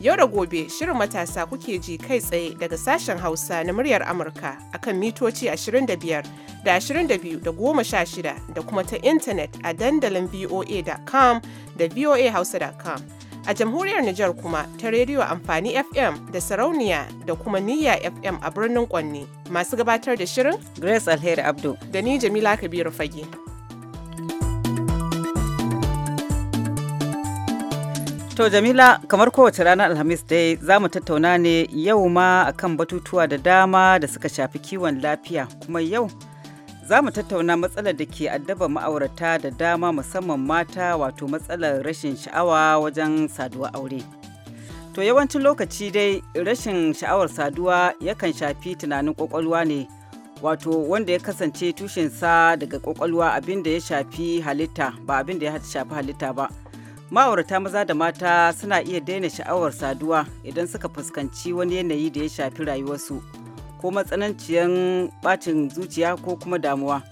Yau da gobe shirin matasa kuke ji kai tsaye daga sashen Hausa na muryar Amurka akan mitoci 25 da 22 da 16 da kuma ta intanet a dandalin voa.com da voahausa.com. A jamhuriyar Nijar kuma ta rediyo amfani FM da sarauniya da kuma niyya FM a birnin Kwanne masu gabatar da shirin Grace Alheri Abdu da ni Jamila Kabiru Fage. To Jamila kamar kowace ranar Alhamis dai za mu tattauna ne yau ma akan batutuwa da dama da suka shafi kiwon lafiya kuma yau za mu tattauna matsalar da ke addaba ma'aurata da dama musamman mata wato matsalar rashin sha'awa wajen saduwa aure. To yawancin lokaci dai rashin sha'awar saduwa yakan shafi tunanin kwakwalwa ne wato wanda ya kasance tushensa daga kwakwalwa abinda ya shafi halitta ba abinda ya shafi halitta ba. ma'aurata maza da mata suna iya daina sha'awar saduwa idan suka fuskanci wani yanayi da ya shafi rayuwarsu ko matsananciyar bacin zuciya ko kuma damuwa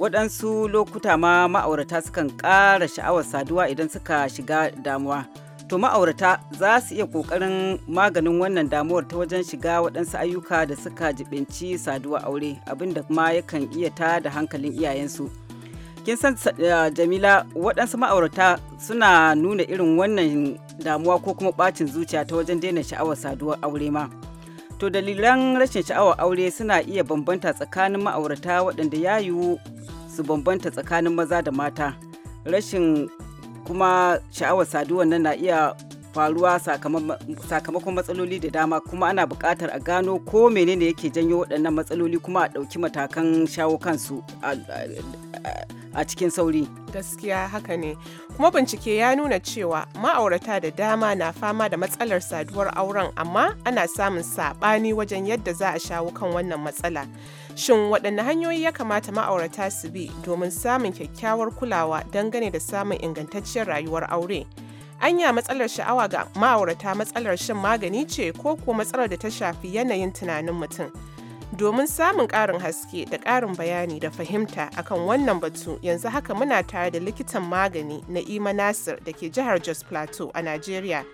waɗansu lokuta ma ma'aurata sukan ƙara sha'awar saduwa idan suka shiga damuwa to ma'aurata za su iya ƙoƙarin maganin wannan damuwar ta wajen shiga waɗansu ayyuka da suka jibinci saduwa aure abinda ma yakan iya ta da hankalin iyayensu. kin san jamila waɗansu ma'aurata suna nuna irin wannan damuwa ko kuma ɓacin zuciya ta wajen daina sha'awar saduwar aure ma to dalilan rashin sha'awar aure suna iya bambanta tsakanin ma'aurata waɗanda ya yiwu su bambanta tsakanin maza da mata rashin kuma sha'awar saduwar nan na iya faruwa sakamakon matsaloli da dama kuma ana buƙatar a gano ko menene yake janyo waɗannan matsaloli kuma a ɗauki matakan shawo kansu a cikin sauri. Gaskiya haka ne. Kuma bincike ya nuna cewa ma'aurata da dama na fama da matsalar saduwar auren amma ana samun saɓani wajen yadda za a shawo kan wannan matsala. Shin waɗanne hanyoyi ya kamata ma'aurata su bi domin samun kyakkyawar kulawa dangane da samun ingantacciyar rayuwar aure? Anya matsalar sha'awa ga ma'aurata matsalar shan magani ce ko kuwa matsalar da ta shafi yanayin tunanin mutum. Domin samun ƙarin haske da ƙarin bayani da fahimta akan wannan batu yanzu haka muna tare da likitan magani na Ima Nasir da ke jihar Jos Plateau a Najeriya.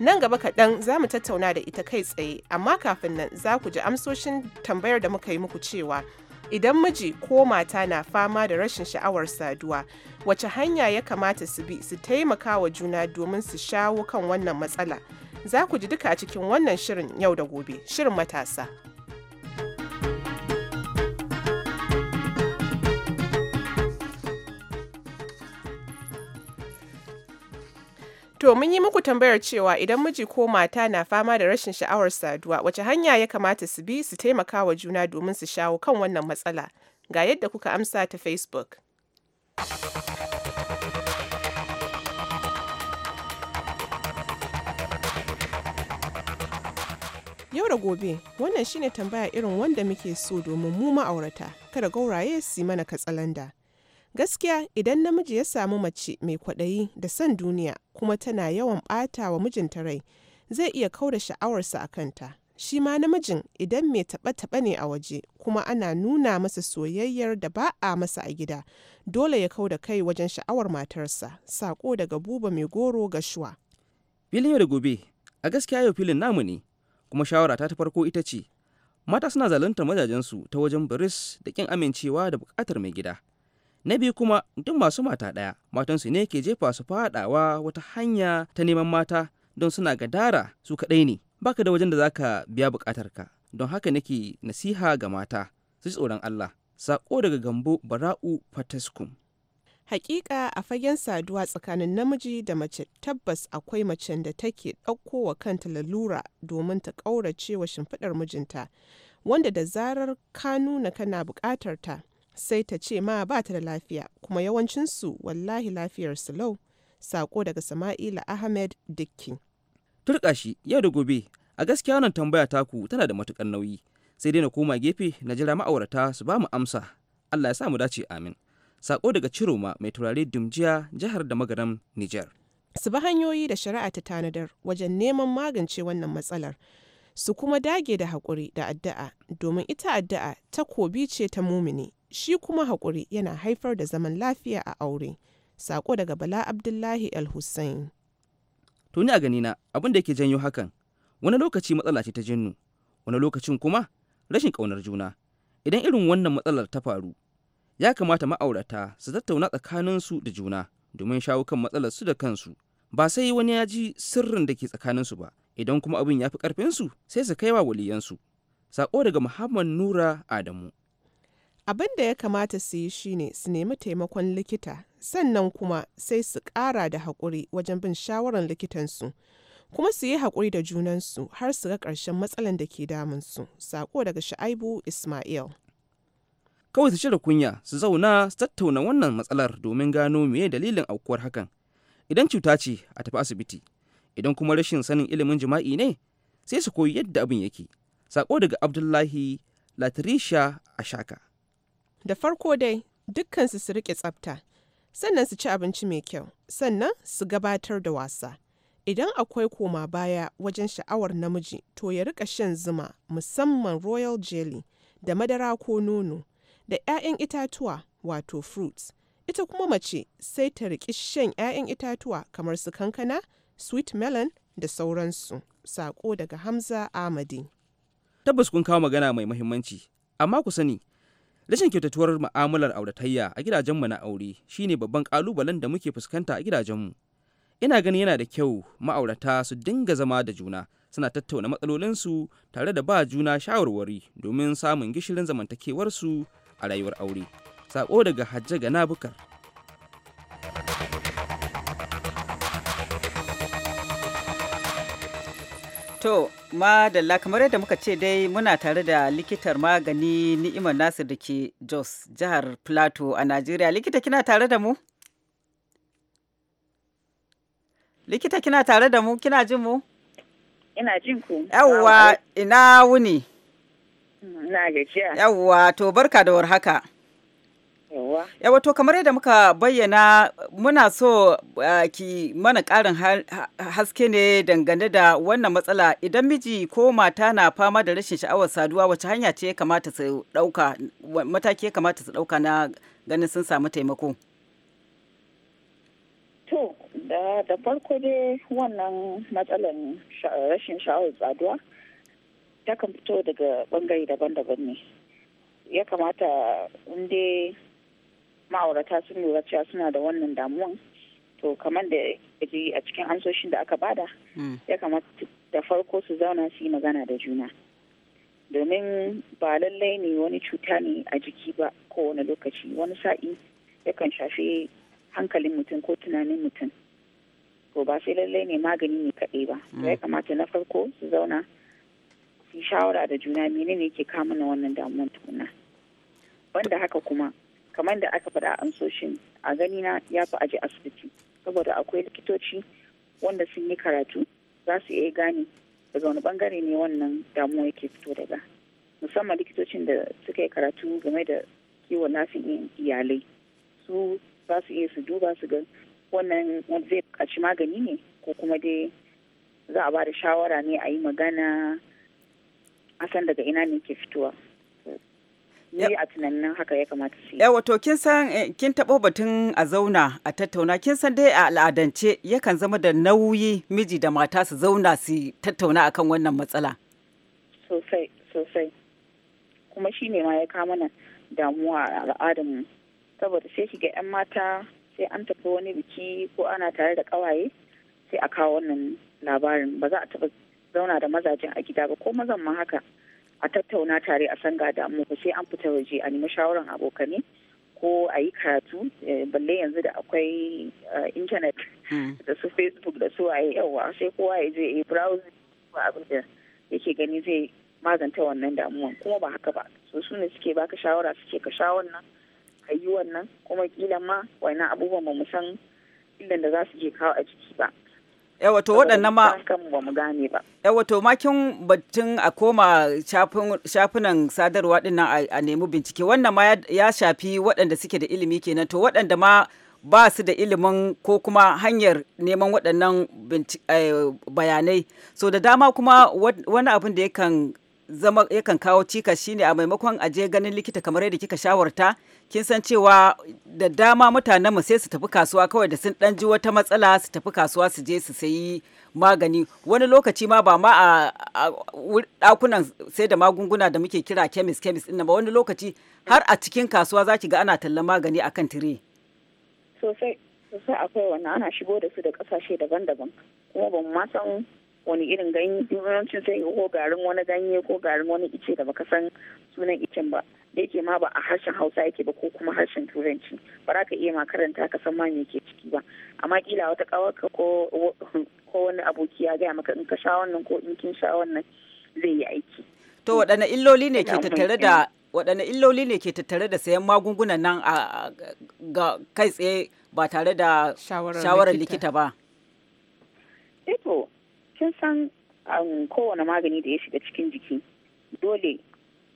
Nan gaba kaɗan za mu tattauna da ita kai tsaye, amma kafin nan za ku ji amsoshin tambayar da muka yi muku cewa Idan miji ko mata na fama da rashin sha'awar saduwa, wace hanya ya kamata su bi su taimaka wa juna domin su shawo kan wannan matsala? Za ku ji duka a cikin wannan shirin yau da gobe, shirin matasa. To mun yi muku tambayar cewa idan miji ko mata na fama da rashin sha'awar saduwa wace hanya ya kamata su bi su taimaka wa juna domin su shawo kan wannan matsala. Ga yadda kuka amsa ta Facebook. Yau da gobe wannan shine tambaya irin wanda muke so domin mu ma'aurata kada gauraye su mana katsalanda. Gaskiya idan namiji ya samu mace mai kwaɗayi da son duniya kuma tana yawan ɓata wa mijinta rai, zai iya kauda sha'awarsa a kanta. Shi ma namijin idan mai taɓa taɓa ne a waje kuma ana nuna masa soyayyar da ba a masa a gida, dole ya kau da kai wajen sha'awar matarsa, saƙo daga buba mai goro ga shuwa. Filin yau da gobe, a gaskiya yau filin namu ne, kuma shawara ta ta farko ita ce, mata suna zalunta mazajensu ta wajen baris da ƙin amincewa da buƙatar mai gida. na biyu kuma duk masu mata ɗaya matansu ne ke jefa su faɗawa wata hanya ta neman mata don suna gadara su kaɗai ne baka da wajen da zaka biya ka don haka nake nasiha ga mata su ji tsoron Allah saƙo daga gambo bara'u fataskum Hakika a fagen saduwa tsakanin namiji da mace tabbas akwai macen da take wa kanta lalura domin ta ƙaurace wa shimfiɗar mijinta wanda da zarar ka nuna kana buƙatar ta sai ta ce ma ba ta da lafiya kuma yawancinsu wallahi lafiyar lau sako daga sama'ila ahmed dikki turkashi yau da gobe a gaskiya wannan tambaya taku tana da matukar nauyi sai dai na koma gefe na jira ma'aurata su ba mu amsa allah ya sa mu dace amin sako daga ciroma mai turare dumjiya jihar da magaram niger su bi hanyoyi da shari'a ta tanadar wajen neman magance wannan matsalar su kuma dage da haƙuri da addu'a domin ita addu'a takobi ce ta mumini shi kuma haƙuri yana haifar da zaman lafiya a aure sako daga bala abdullahi al hussein to ni a ganina abin da yake janyo hakan wani lokaci matsala ce ta jinnu wani lokacin kuma rashin ƙaunar juna idan irin wannan matsalar ta faru ya kamata ma'aurata su tattauna tsakaninsu da juna domin shawo kan matsalar su da kansu ba sai wani ya ji sirrin da ke tsakaninsu ba idan kuma abin ya fi ƙarfinsu sai su kai wa waliyansu sako daga muhammad nura adamu abin da ya kamata su yi shine su nemi taimakon likita sannan kuma sai su ƙara da haƙuri wajen bin shawarar likitansu kuma su yi haƙuri da junansu har su ga ƙarshen matsalan da ke damunsu sako daga sha'aibu ismail kawai su cire kunya su zauna su tattauna wannan matsalar domin gano meye dalilin aukuwar hakan idan cuta ce a tafi asibiti idan kuma rashin sanin ilimin jima'i ne sai su koyi yadda abin yake sako daga abdullahi a ashaka da farko dai dukkansu su riƙe tsafta sannan su ci abinci mai kyau sannan su gabatar da wasa idan akwai koma baya wajen sha'awar namiji to ya rika shan zuma musamman royal jelly da madara ko nono da 'ya'yan itatuwa wato fruits ita kuma mace sai ta riƙi shan 'ya'yan itatuwa kamar su kankana sweet melon da sauransu sako daga hamza amadi tabbas kun kawo magana mai muhimmanci amma ku sani rashin kyautatuwar mu'amalar auratayya a gidajenmu na aure shine babban kalubalen da muke fuskanta a gidajenmu ina ganin yana da kyau ma'aurata su dinga zama da juna suna tattauna matsalolinsu tare da ba juna shawarwari domin samun gishirin zamantakewarsu a rayuwar aure sako daga hajjaga na bukar To, madalla kamar yadda muka ce dai muna tare da likitar magani ni'imar Nasir da ke Jos jihar Plateau a Najeriya. Likita kina tare da mu? Likita kina tare da mu? Kina jin mu? Ina jin ku. Yawwa, ina wuni? Na gajiya. Yawwa, to barka da warhaka. haka. yawa to kamar yadda muka bayyana muna so uh, ki mana karin haske ne dangane da wannan matsala idan miji ko mata na fama da rashin sha'awar saduwa wace hanya ce kamata su dauka mataki ya kamata su dauka na ganin sun samu taimako to da, da farko dai wannan matsalan rashin sha'awar saduwa kan fito daga bangare daban-daban ne ya kamata inda ma'aurata sun lura cewa suna da wannan damuwan to kamar da ya ji a cikin amsoshin da aka bada mm. ya kamata da farko su zauna su yi magana da juna domin ba lallai ne wani cuta ne a jiki ba ko wani lokaci wani sa'i yakan shafi hankalin mutum ko tunanin mutum to ba sai lallai ne magani ne kaɗai ba mm. ya kamata na farko su zauna su shawara da juna menene ke kamuna na wannan damuwan tukuna wanda haka kuma kamar da aka faɗa an soshin a gani na ya fi aji asibiti saboda akwai likitoci wanda sun yi karatu za su iya gane daga wani bangare ne wannan damuwa yake fito daga musamman likitocin da suka yi karatu game da kiwon lafiyan iyalai su za su iya su duba su ga wannan wanda zai buƙaci magani ne ko kuma dai za a ba da shawara ne a yi magana a san daga ina ne ke fitowa ni a tunanin haka ya kamata su yi wato kin san eh, kin batun a zauna a tattauna kin san dai a al'adance yakan zama da nauyi miji da mata su zauna su tattauna akan wannan matsala sosai sosai kuma shi ne ma ya kama mana damuwa a al'adarmu saboda sai shiga 'yan mata sai an tafi wani biki ko ana tare da kawaye sai a kawo wannan labarin ba za a taba zauna da mazajen a gida ba ko mazan ma haka a tattauna tare a san ga damu sai an fita waje a nemi shawaran abokane ko a yi karatu eh, balle yanzu da akwai eh, intanet hmm. da su facebook da su a yi yawa sai kowa ya je ya browse abin da yake gani zai maganta wannan damuwan kuma ba haka ba so su ne suke baka shawara suke ka sha wannan ka yi wannan kuma kila ma wannan abubuwan ba mu san illan da za su je kawo a jiki ba yawato waɗannan ma yawato makin batun a koma shafunan sadarwa ɗin nan a nemi bincike wannan ma ya shafi waɗanda suke da ilimi kenan to waɗanda ma ba su da ilimin ko kuma hanyar neman waɗannan eh, bayanai so da dama kuma wani abin da yakan zama yakan kawo cikas shine a maimakon aje ganin likita kamar yadda kika shawarta kin san cewa da dama mu sai su tafi kasuwa kawai da sun ɗan ji wata matsala su tafi kasuwa su je su sayi magani wani lokaci ma ba ma a ɗakunan sai da magunguna da muke kira kemis kemis ɗin ba wani lokaci har a cikin kasuwa zaki ga ana tallan magani akan tire. Sosai akwai wannan ana shigo da su da kasashe daban-daban kuma ban ma san wani irin ganye yawancin sai ko garin wani ganye ko garin wani ice da baka san sunan icen ba. da yake ma ba a harshen hausa yake ba ko kuma harshen turanci ba za ka iya ma karanta ka san ma me ke ciki ba amma kila wata kawarka ko ko wani aboki ya gaya maka in ka sha wannan ko in kin sha wannan zai yi aiki to waɗanne illoli ne ke tattare da waɗanne illoli ne ke tattare da sayan magungunan nan a ga kai tsaye ba tare da shawarar likita ba eto eh kin san um, kowane magani da ya shiga cikin jiki dole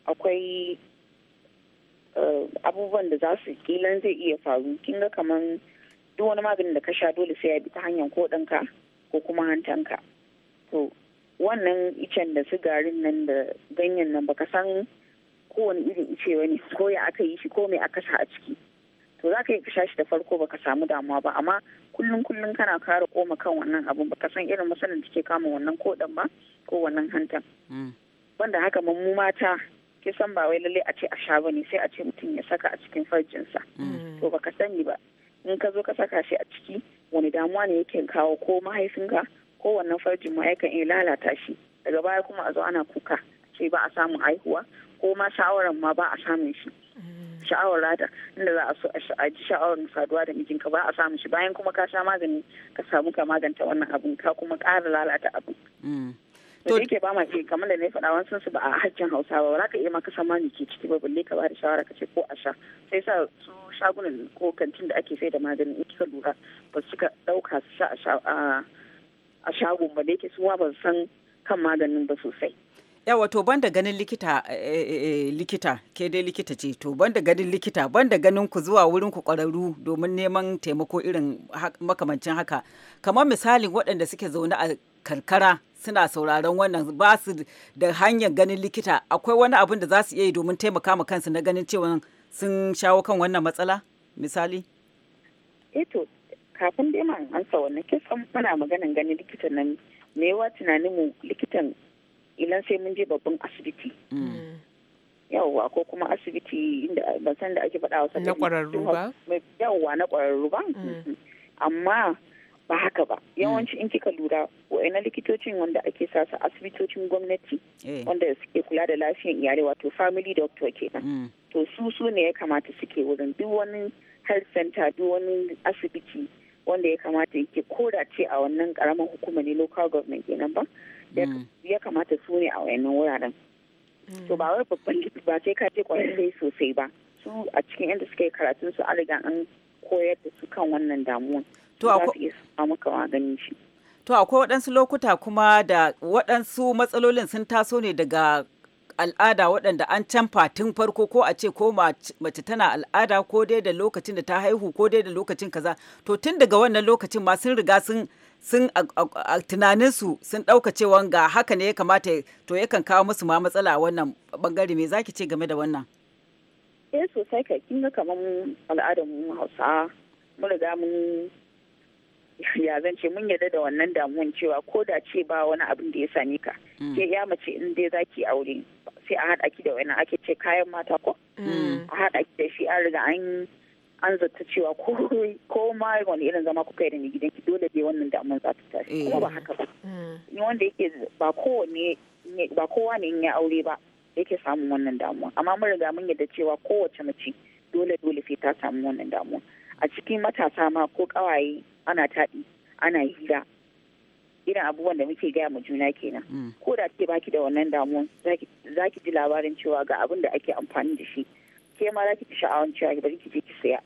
akwai abubuwan da za su kilan zai iya faru kin ga kaman duk wani maganin da ka sha dole sai ya bi ta hanyar ko ko kuma hantanka to wannan icen da sigarin nan da ganyen nan baka san kowane irin ice wani ko ya aka yi shi ko mai aka sa a ciki to za ka yi sha shi da farko baka samu damuwa ba amma kullum kullum kana kara koma kan wannan abun baka san irin masanin da ke kama wannan kodan ba ko wannan hantan mm. banda haka mu mata ke san ba wai lalle a ce a sha ba ne sai a ce mutum ya saka a cikin farjinsa mm. to ba ka sani ba in ka zo ka saka shi a ciki wani damuwa ne yake kawo ko mahaifinka ko wannan farjin ma yakan iya lalata shi daga baya kuma a zo ana kuka ce ba a samun haihuwa ko ma sha'awar ma ba a samun shi mm. sha'awar rata inda za a so a ji sha'awar saduwa da mijinka ba a samun shi bayan kuma ka sha magani ka samu ka maganta wannan abin ka kuma kara lalata abin mm. to da yake ba ma ke kamar da ne faɗa wani sun su ba a hakkin hausa ba za ka iya ma kasa ne ke ciki ba balle ka ba da shawara ka ce ko a sha sai sa su shagunan ko kantin da ake sai da magani in kika lura ba su ka ɗauka su sha a shagon ba da yake su ba san kan maganin ba sosai. yawa to ban da ganin likita eh, eh, eh, likita ke dai likita ce to ban da ganin likita ban da ganin ku zuwa wurin ku kwararru domin neman taimako irin makamancin haka kamar misalin waɗanda suke zaune a karkara suna sauraron wannan ba su da hanyar ganin likita akwai wani abin da za su iya yi domin taimaka ma kansu na ganin cewa sun shawo kan wannan matsala misali eto eh kafin dai man ansa wannan kisan muna maganan ganin likitan nan mewa tunanin mu likitan idan sai mun je babban asibiti mm. yawwa ko kuma asibiti inda ban san da ake faɗa wa na ƙwararru ba yawwa na ƙwararru ba mm. amma ba haka ba hmm. yawanci in kika lura wa'ina likitocin wanda ake sa su asibitocin gwamnati eh. wanda suke kula da lafiyan iyali wato family doctor kenan hmm. to su su ne ya kamata suke wurin duk wani health center duk wani asibiti wanda ya kamata yake koda ce a wannan karamar hukuma ne local government kenan ba hmm. ya kamata su ne a wayannan wuraren to ba wai babban ba sai ka je kwararre sosai ba su a cikin yadda suka yi karatun su an an koyar da su kan wannan damuwan to akwai waɗansu lokuta kuma da waɗansu matsalolin sun taso ne daga al'ada waɗanda an canfa tun farko ko a ce ko mace tana al'ada ko dai da lokacin da ta haihu ko dai da lokacin kaza to tun daga wannan lokacin ma sun riga sun a tunaninsu sun ɗauka cewa ga haka ne ya kamata to yakan kawo musu ma matsala a wannan bangare me zaki ce game da wannan eh sosai kai kin ga kamar al'adar mu Hausa mu riga mun ya zan ce mun yarda da wannan damuwan cewa ko da ce ba wani abin da ya same ka mm. ke ya mace in dai zaki aure sai a haɗa ki da wani ake ce kayan mata ko mm. a haɗa ki da shi an riga an an zata cewa ko ma wani irin zama kuka yi da ni gidanki dole ne wannan damuwan za ta tashi eh. kuma ba haka ba mm. ni wanda yake ba kowane ba kowa ne in ya aure ba yake samun wannan damuwa amma mun riga mun yarda cewa kowace mace dole dole sai ta samu wannan damuwa a cikin matasa ma ko kawaye ana taɗi ana hira irin abubuwan da muke gaya ma juna kenan mm. ko da ke baki da wannan damuwan za ki ji labarin cewa ga abin da ake amfani da shi ke ma za ki ji sha'awan cewa ki bari ki je ki saya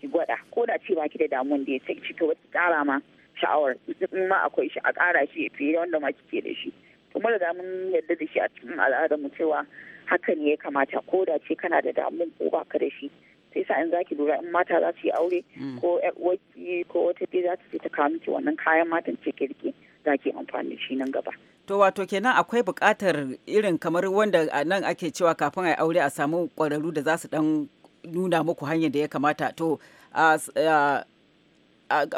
ki gwada ko da ce baki da damuwan da ya ta ci kawai ki kara ma sha'awar in ma akwai shi a kara shi ya fiye da wanda ma kike da shi to mu riga mun yarda da shi a cikin al'adar mu cewa hakan ne ya kamata ko da ce kana da damuwan ko baka da shi sai sa in zaki lura in mata za su yi aure mm. ko waki ko wata dai za ta ce ta kawo miki wannan kayan matan ce kirki za ki amfani shi nan gaba. To wato kenan akwai buƙatar irin kamar wanda a nan ake cewa kafin a yi aure a samu ƙwararru da za su ɗan nuna muku hanyar da ya kamata to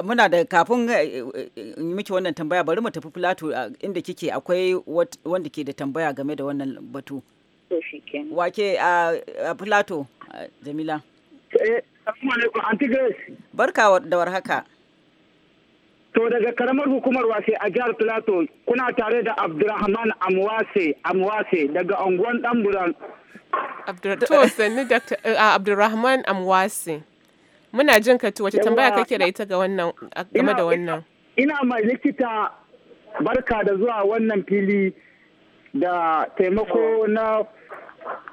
muna da kafin eh, eh, yi miki wannan tambaya bari mu tafi filato inda kike akwai wanda ke da tambaya game da wannan batu. Wake a filato Jamila. Eh, barka da warhaka. To daga karamar hukumar wase a jihar Plateau kuna tare da Abdulrahman Amwase Amwase daga unguwan Ɗanburan. To sannu eh, Abdulrahman Amwase. Muna jin ka to wace tambaya kake da ita ga wannan game da wannan. Ina mai likita barka da zuwa wannan fili da taimako na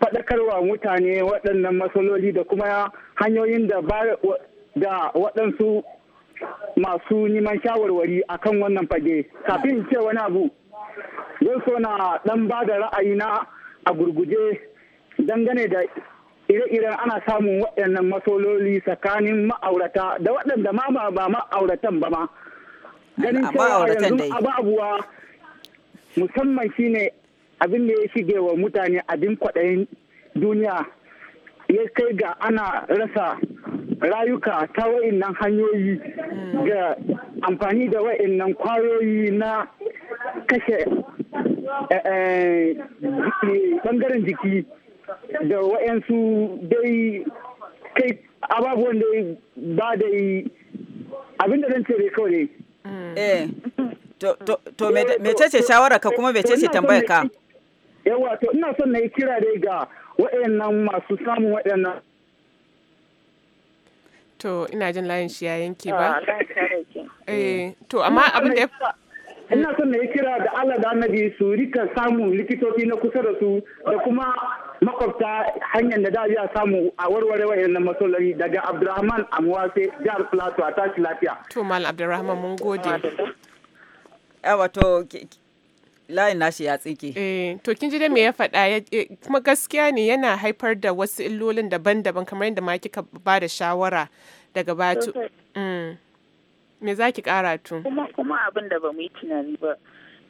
faɗakarwa mutane waɗannan matsaloli da kuma hanyoyin da ba da waɗansu masu neman shawarwari akan wannan fage kafin ce wani abu zai so na ɗan ba da ra'ayi na a gurguje dangane da ire-iren ana samun waɗannan matsaloli tsakanin ma'aurata da waɗanda ma ba ma'auratan ba ma ganin cewa yanzu ababuwa musamman shine abin da ya shige wa mutane abin kwaɗayin duniya ya kai ga ana rasa rayuka ta wa'innan hanyoyi ga amfani da wa'innan kwayoyi na kashe eh, eh, bangaren jiki da wa'yansu dai kai ababuwan da ba da yi abinda zan ce dai kawai mm. eh to mece ce shawara ka kuma mece ce tambayar ka yawa to ina son na yi kira dai ga waɗannan masu samun waɗannan to ina jin layin shi ya yanke ba ah, eh to amma abin da ina son na yi kira da Allah da Annabi su rika samun likitoci na kusa da su da kuma makwabta hanyar da za a samu a warware wayannan matsaloli daga Abdulrahman Amwase jihar Plateau a tashi lafiya to mal Abdulrahman mun gode to layin nashi ya tsike. Eh, to kin ji dai me ya faɗa eh, kuma gaskiya ne yana haifar da wasu illolin daban-daban kamar yadda ma kika ba da shawara daga batu. Mm. Me za ki kara tun? Kuma kuma abin da ba mu yi tunani ba.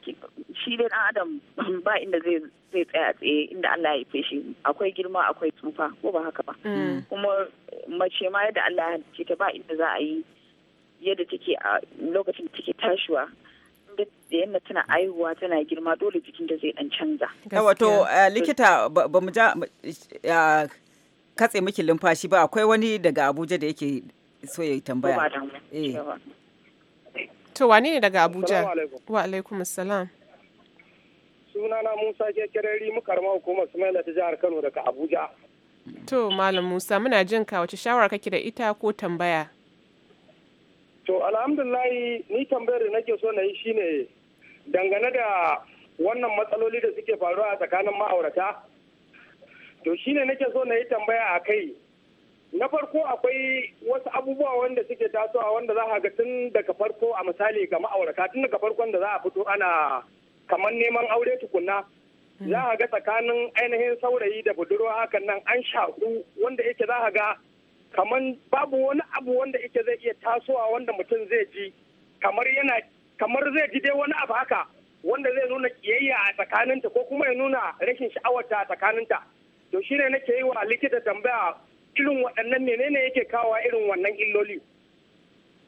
Shi dai ɗan Adam ba inda zai zai tsaya tsaye inda Allah ya haife shi akwai girma akwai tsufa ko ba haka ba. Mm. Kuma mace ma yadda Allah ya halicce ta ba inda za a yi yadda take a lokacin take tashiwa da yamma tana aihuwa tana girma dole jikin da zai dan canza. Wato eh, likita ba mu ja katse miki lumfashi ba akwai wani daga Abuja da yake so ya tambaya. Eh. To wane ne daga Abuja? Wa alaikum salam. Sunana Musa ke kirari mukarma hukumar Sumaila ta jihar Kano daga Abuja. To Malam Musa muna jin ka wace shawara kake da ita ko tambaya? To alhamdulillahi ni tambayar da nake so na yi shine dangane da wannan matsaloli da suke faruwa a tsakanin ma'aurata. To shine nake so na yi tambaya a kai. Na farko akwai wasu abubuwa wanda suke tasowa wanda za ka ga tun daga farko a misali ga ma'aurata tun daga farkon da za a fito ana kamar neman aure tukunna. Za ka ga tsakanin ainihin saurayi da budurwa hakan nan an shaku wanda yake za ka ga kamar babu wani abu wanda ita zai iya tasowa wanda mutum zai ji kamar yana kamar zai ji dai wani abu haka wanda zai nuna kiyayya a tsakaninta ko kuma ya nuna rashin sha'awarta a tsakaninta to shine nake yi wa likita tambaya irin waɗannan menene yake kawo irin wannan illoli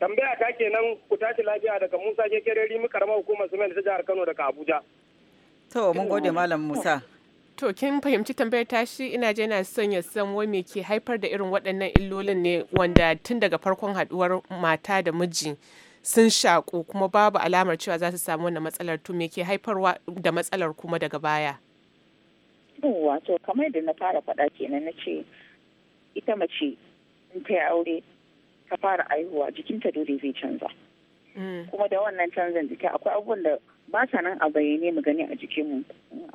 tambaya ta kenan ku tashi lafiya daga Musa Kekereri mu karamar hukumar Sumen ta jihar Kano daga Abuja to mun gode malam Musa To kin fahimci tambayar tashi ina je na son ya san wai me ke haifar da irin waɗannan illolin ne wanda tun daga farkon haɗuwar mata da miji sun shaƙu kuma babu alamar cewa za su samu wannan matsalar to me ke haifarwa da matsalar kuma daga baya. wato kamar da na fara faɗa kenan na ce ita mace in ta aure ta fara aihuwa jikinta dole zai canza. Mm. kuma da wannan canzan jiki akwai abubuwan da ba sa nan a bayyane mu gani a jikinmu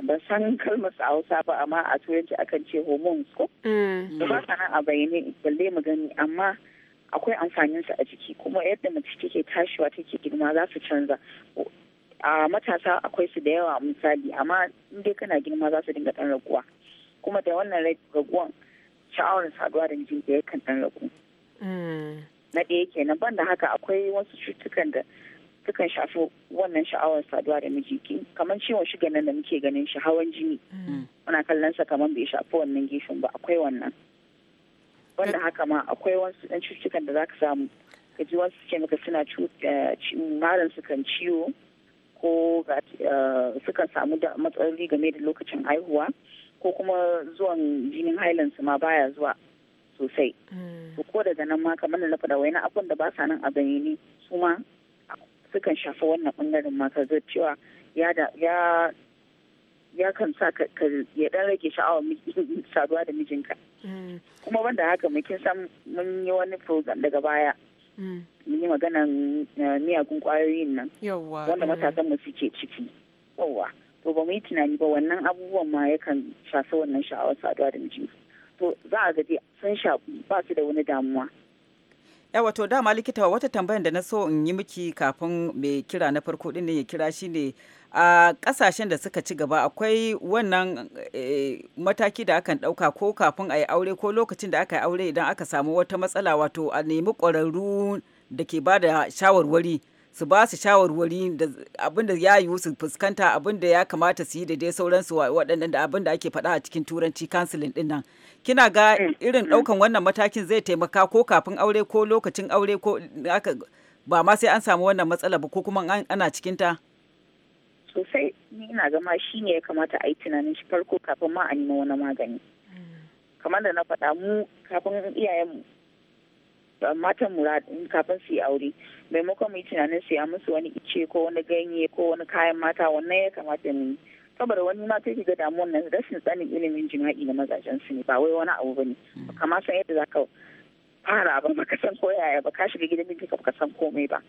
ban san kalmar a hausa ba amma a turanci akan ce hormones ko da mm. ba nan a bayyane balle mu gani amma akwai amfaninsa a jiki kuma yadda mace take tashiwa take girma za su canza a matasa akwai su da yawa misali amma in dai kana girma za su dinga dan raguwa kuma da wannan raguwan sha'awar saduwa da jin da yakan dan ragu mm. na ɗaya kenan ban da haka akwai wasu cutukan da sukan shafi wannan sha'awar saduwa da miji kamar ciwon shiga nan da muke ganin shi hawan jini mm. muna kallon sa kamar bai shafi wannan gefen ba akwai wannan wanda haka ma akwai wasu dan cututtukan da zaka samu ka ji wasu ce maka suna eh, maran sukan ciwo ko eh, sukan samu da matsaloli game da lokacin haihuwa ko kuma zuwan jinin hailan su ma baya zuwa sosai mm. ko daga nan ma kamar da na faɗa wani abun da ba sa nan a gani ne su ma sukan shafa wannan bangaren ma ka ga cewa ya da ya ya kan sa ka ya dan rage sha'awar saduwa da mijinka mm. kuma wanda haka mu kin san mun yi wani program daga baya mm. mun yi maganan eh, miyagun kwayoyin nan wanda mm. matasan mu suke ciki yawwa to ba mu yi tunani ba wannan abubuwan ma ya kan shafi wannan sha'awar saduwa da mijinka to za a ga sun sha ba su da wani damuwa yawa to dama likita wata tambayar da na so in yi miki kafin mai kira na farko din ya kira shine a kasashen da suka ci gaba akwai wannan eh, mataki da akan dauka ko kafin a yi aure ko lokacin da aka yi aure idan aka samu wata matsala wato a nemi kwararru da ke ba da shawarwari su ba su shawarwari da abin da ya yiwu su fuskanta abin da ya kamata su yi da dai sauransu waɗannan da abin da ake faɗa a cikin turanci kansilin ɗin nan kina ga mm, mm. irin ɗaukan wannan matakin zai taimaka ko kafin aure ko lokacin aure ko ba ma sai an samu wannan matsala ba ko kuma ana cikin ta sosai ni ina gama shi ne ya kamata a yi tunanin shi farko kafin ma a nima wani magani mm. kamar da na faɗa mu kafin iyayenmu matan murad in kafin su yi aure maimakon mu yi tunanin ya musu wani ice ko wani ganye ko wani kayan mata wannan ya kamata mu yi saboda wani ma sai ga damuwar nan rashin tsanin ilimin jima'i na mazajen su ne ba wai wani abu bane hmm. kamar san yadda zaka fara ba baka san ko yaya ba ka shiga gidan ba baka san komai ba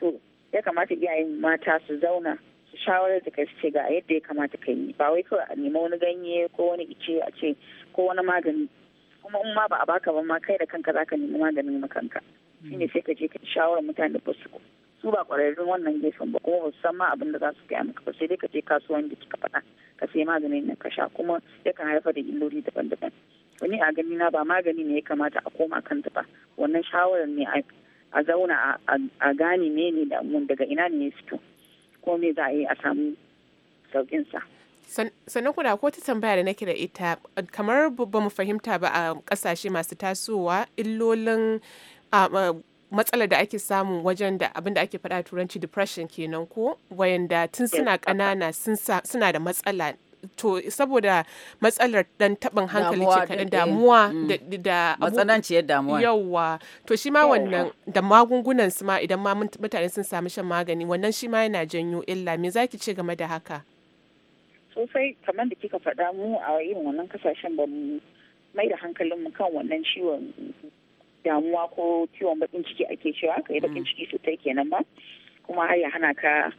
to ya kamata iyayen mata su zauna su shawarar da kai ce ga yadda ya kamata ka yi ba wai kawai a nema wani ganye ko wani ice a ce ko wani magani kuma in ma ba a baka ba ma kai da kanka zaka nemi maganin na kanka shine sai ka je ka shawara mutane ba su su ba kwararrun wannan gefen ba kuma ba su san ma abin da za su gaya maka ba sai dai ka je kasuwan da kika faɗa ka sai maganin nan ka sha kuma yakan haifar da illoli daban-daban wani a gani na ba magani ne ya kamata a koma kanta ba wannan shawarar ne a zauna a gane ne ne mun daga ina ne ya fito ko me za a yi a samu sauƙinsa. sannan kuna ko ta tambaya da nake da ita kamar ba mu fahimta ba a kasashe masu tasowa illolin matsalar da ake samu wajen da abin da ake faɗa turanci depression kenan ko wayanda tun suna ƙanana suna da matsala to saboda matsalar dan taɓin hankali ce kaɗan eh, damuwa mm. da matsananciyar damuwa yawwa to shi ma wannan da magungunan su ma idan ma mutane sun samu shan magani wannan shi ma yana janyo illa me zaki ce game da haka sosai kamar da kika faɗa mu a irin wannan kasashen ba mu mai da hankalinmu kan wannan ciwon damuwa ko ciwon bakin ciki ake cewa kai bakin mm. ciki sosai kenan ba kuma har ya hana ka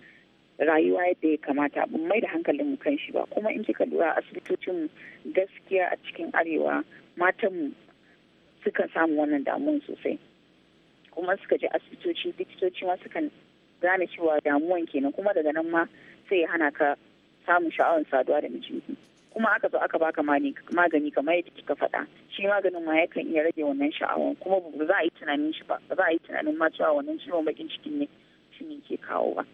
rayuwa yadda ya kamata mu mai da hankalin hankalinmu kan shi ba kuma in kika lura asibitocin gaskiya a cikin arewa matan mu sukan samu wannan damuwan sosai kuma suka je asibitoci likitoci ma sukan gane cewa damuwan kenan kuma daga nan ma sai ya hana ka samun sha'awar saduwa da mijinki kuma aka zo aka baka magani kamar yadda kika faɗa shi maganin ma yakan iya rage wannan sha'awar kuma ba za a yi tunanin shi ba ba za a yi tunanin ma cewa wannan ciwon bakin cikin ne shi ne ke kawo ba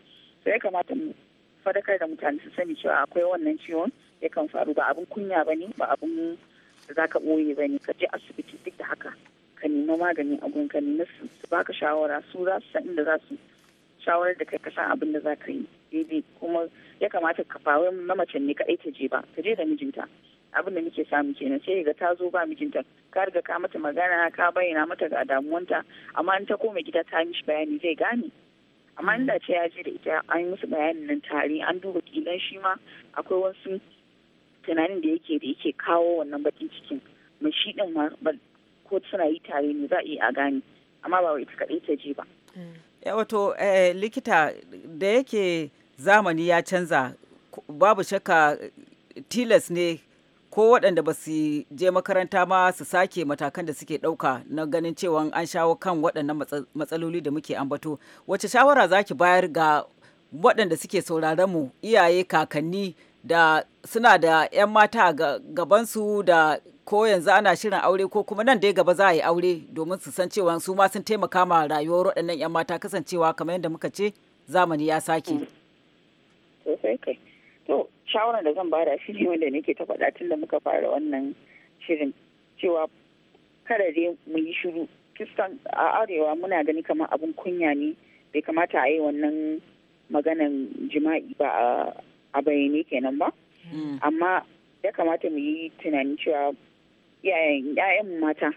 sai ya kamata mu fadakar da mutane su sani cewa akwai wannan ciwon yakan faru ba abin kunya ba ne ba abin da za ka ɓoye ba ne ka je asibiti duk da haka ka nemi magani a gun ka nema su baka shawara su za su san inda za su shawarar da kai ka san abin da za ka yi daidai kuma ya kamata ka fawo na mace ne kaɗai ta je ba ka je da mijinta abin da muke samu kenan sai ga ta zo ba mijinta ka riga ka mata magana ka bayyana mata ga damuwanta amma in ta koma gida ta mishi bayani zai gane amma inda ce ya je da ita an yi musu bayanin nan tare an duba kilan shi ma akwai wasu tunanin da yake da yake kawo wannan bakin cikin mai shi din ma ko suna yi tare ne za a yi a gane amma ba wai ita kaɗai ta je ba. Eh, wato eh, likita da yake zamani ya canza babu shakka tilas ne ko waɗanda ba su je makaranta ma su sake matakan da suke ɗauka na ganin cewa an shawo kan waɗannan matsaloli da muke ambato wace shawara za ki bayar ga waɗanda suke sauraron mu iyaye kakanni da suna da 'yan mata ga gabansu da ko yanzu ana shirin aure ko kuma nan dai gaba za a yi aure domin su san cewa su ma sun taimaka ma rayuwar waɗannan 'yan mata kasancewa kamar yadda muka ce zamani ya sake. sosai kai to shawarar da zan bada shi ne wanda nake ta faɗa tun da muka fara wannan shirin cewa kada dai mu yi shiru kistan a arewa muna gani kamar abin kunya ne bai kamata a yi wannan maganan jima'i ba a bayyane kenan ba hmm. amma ya kamata mu yi tunanin cewa yayan mata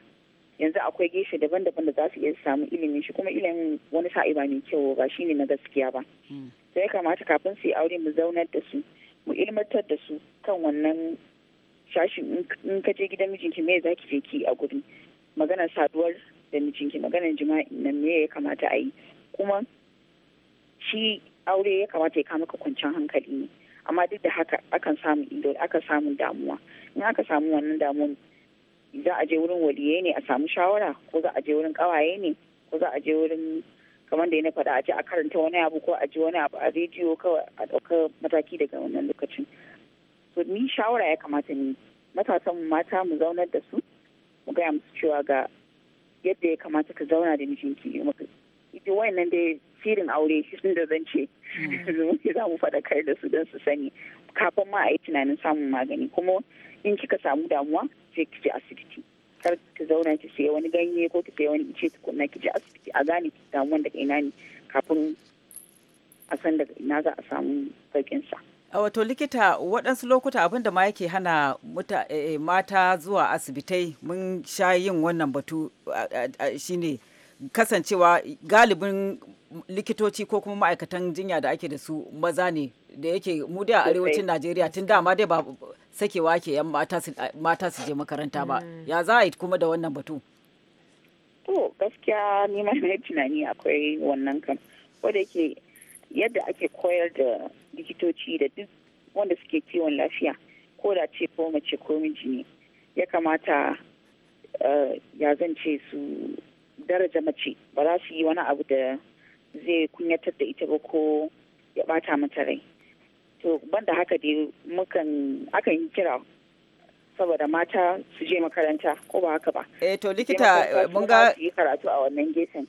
yanzu akwai gefe daban-daban da za su iya samu ilimin shi kuma ilimin wani sa'i ba mai kyau ba shine na gaskiya ba hmm. da ya kamata kafin su yi aure mu zaunar da su mu ilmantar da su kan wannan shashin in ka je gidan mijinki me za ki je ki a guri maganar saduwar da mijinki maganar jima'i nan me ya kamata a yi kuma shi aure ya kamata ya kama ka kwanciyar hankali ne amma duk da haka akan samu ido aka samu damuwa in aka samu wannan damuwa za a je wurin waliyai ne a samu shawara ko za a je wurin kawaye ne ko za a je wurin kamar da ya faɗa a ji a karanta wani abu ko a ji wani abu a rediyo kawai a ɗauka mataki daga wannan lokacin so ni shawara ya kamata ni matasan mata mu zaunar da su mu gaya musu cewa ga yadda ya kamata ka zauna da mijinki ita nan dai filin aure shi sun da zan ce hmm. za mu faɗakar da su don su sani kafin ma a yi tunanin samun magani kuma in kika samu damuwa sai ki ji asibiti kar ki zauna ki sayi wani ganye ko ki sayi wani ice tukunna ki je asibiti a gane ki samu wanda ina ne kafin a san daga ina za a samu saukin sa. A wato likita waɗansu lokuta abinda da ma yake hana eh, eh, mata zuwa asibitai mun sha yin wannan batu shine kasancewa galibin likitoci ko kuma ma'aikatan jinya da ake da su maza ne da yake mu da arewacin najeriya tun dama dai ba sakewa ke yan mata su je makaranta ba mm. ya za a yi kuma da wannan batu to gaskiya ni ma na tunani akwai wannan kan wanda yake yadda ake koyar da likitoci da duk wanda suke kiwon lafiya ko da ce ko mace ko miji ne ya kamata eh, ya zance su daraja mace ba za su yi wani abu da zai kunyatar da ita ba ko ya bata mata rai to banda haka dai mukan akan yi kira saboda mata su je makaranta ko ba haka ba eh to likita eh, mun ga yi karatu a wannan gefen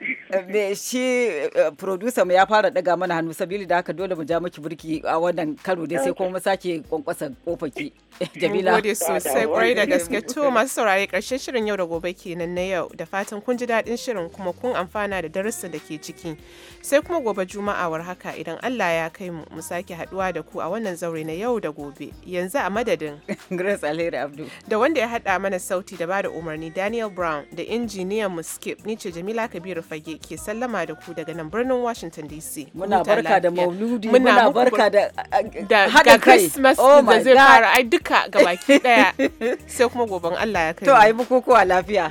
eh, me shi eh, producer mu ya fara daga mana hannu sabili da haka dole mu ja miki burki a wannan karo dai sai kuma sake kwankwasa kofaki jamila gode sosai kwarai da gaske to masu saurare karshen shirin yau da gobe kenan na yau da fatan kun ji daɗin shirin kuma kun amfana da darussan da ke ciki Sai kuma gobe Juma'a war haka idan Allah ya kai mu mu sake haduwa da ku a wannan zaure na yau da gobe. Yanzu a madadin Grace Alheri Abdu. Da wanda ya hada mana sauti da bada umarni Daniel Brown da injiniyan mu Skip ni ce Jamila Kabiru Fage ke sallama da ku daga nan birnin Washington DC. Muna barka da Mauludi, muna barka da da Christmas oh da zai fara ai duka gabaki daya. Sai kuma goben Allah ya kai. To ayi bukukuwa lafiya.